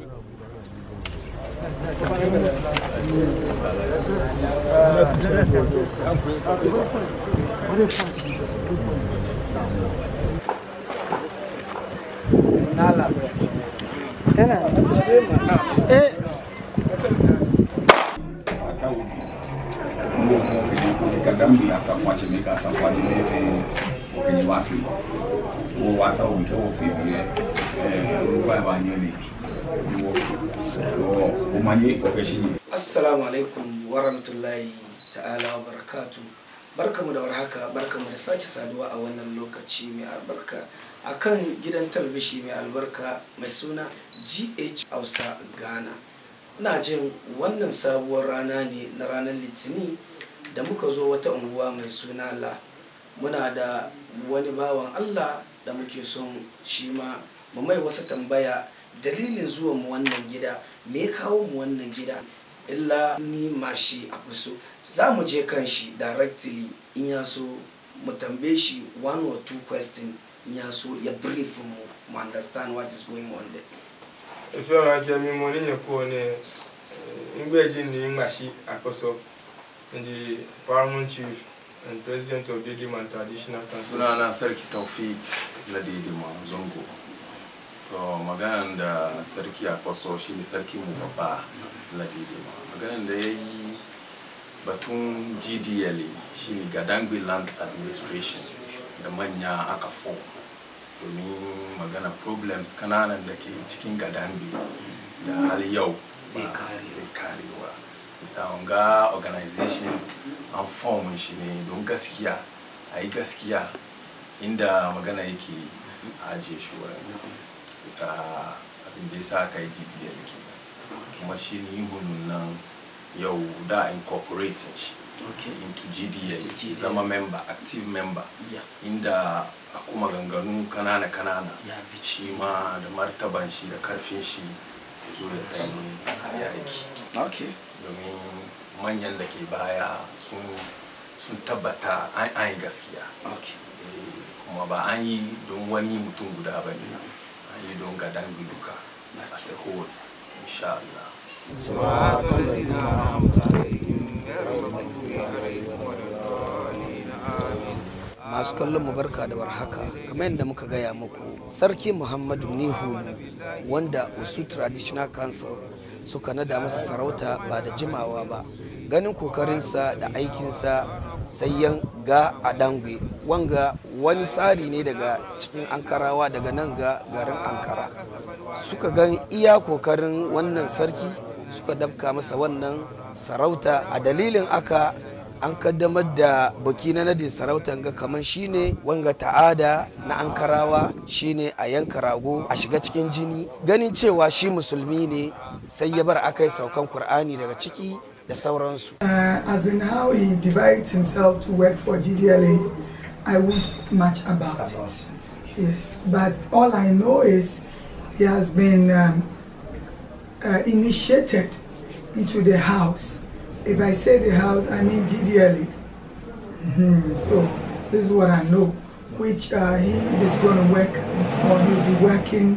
Kana? Eh. kadambi asafwa chimika asafwa nimefe okenye wafi wo wata omke ofibie eh olukwa ebanyeli assalamu alaikum warahmatullahi ta'ala wa barakatu barkamu da warhaka barkamu da sake saduwa a wannan lokaci mai albarka akan gidan talbishi mai albarka mai suna gh hausa ghana na jin wannan sabuwar rana ne na ranar litini da muka zo wata unguwa mai suna la muna da wani bawan allah da muke son shi ma mu mai wasu tambaya dalilin zuwa mu wannan gida me kawo mu wannan gida illa ni mashi a kusu za mu je kan shi directly in ya so mu tambaye shi one or two question in ya so ya brief mu mu understand what is going on there ife ọrọ ajọ mi mo ní yẹ̀kọ́ ní ngbẹ́jì ní mashi àkóso ndi parliament chief and president of didima traditional council. sunana sarki taufik ladidima zongo to maganan da sarki a kwaso shi ne sarki mu babba ladidi ma maganan da ya yi batun gdla shi ne gadangui land administration da manya aka fo domin magana problems kananan da ke cikin gadangui da har yau ba karewa misalin ga organization an form shi ne don gaskiya a yi gaskiya inda magana yake ajiye shi bisa abin da ya sa aka yi gdl ke kuma shi ne yi nan yau da incorporating shi into gdl zama member active member inda a kuma ganganu kanana-kanana ya bi ma da martaban shi da karfin shi ya zo da tsanin a yaki domin manyan da ke baya sun tabbata an yi gaskiya eh, kuma ba an yi don wani mutum guda ba ne يدونك دانجلوك as a whole inshallah سبحانك الذي أنعمت عليهم غير المغضوب عليهم ولا الضالين آمين masu kallon mu barka da warhaka kamar yadda muka gaya muku sarki muhammadu nihu wanda usu traditional council suka nada masa sarauta ba da jimawa ba ganin kokarinsa da aikinsa sai yan ga adangwe wanga wani tsari ne daga cikin ankarawa daga nan ga garin ankara suka gan iya kokarin wannan sarki suka dabka masa wannan sarauta a dalilin aka an kaddamar da buki na nadin sarautan ga kamar shine wanga ta'ada na ankarawa shine a yanka rago a shiga cikin jini ganin cewa shi musulmi ne sai ya bar akai saukan kur'ani daga ciki sauransu. Uh, as in how he divides himself to work for GDLA, I won't speak much about it. Yes, but all I know is he has been um, uh, initiated into the house. If I say the house, I mean GDLA. Mm -hmm. So this is what I know, which uh, he is going to work or he'll be working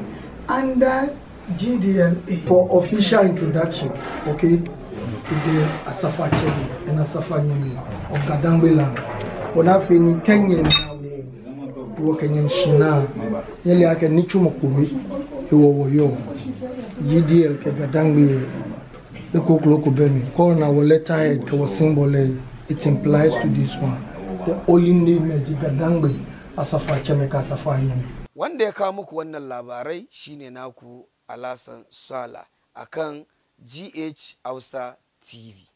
under GDLA. For official introduction, okay, ide asafa kyɛni ɛna asafa nyɛmi ɔgadangbe la wɔn afei ni kɛnyɛ wɔ kɛnyɛ nhyina yɛlɛ akɛ nitsumɔ kome ewɔ wɔyɔ gdl kɛ gadangbe yɛ eko koloko bɛni kɔɔ na wɔ lɛta yɛ kɛ wɔ simbɔlɛ it implies to this one the only name yɛ di a asafa kyɛmi ka asafa nyɛmi. wanda ya kawo muku wannan labarai shine naku alasan sala akan gh hausa TV.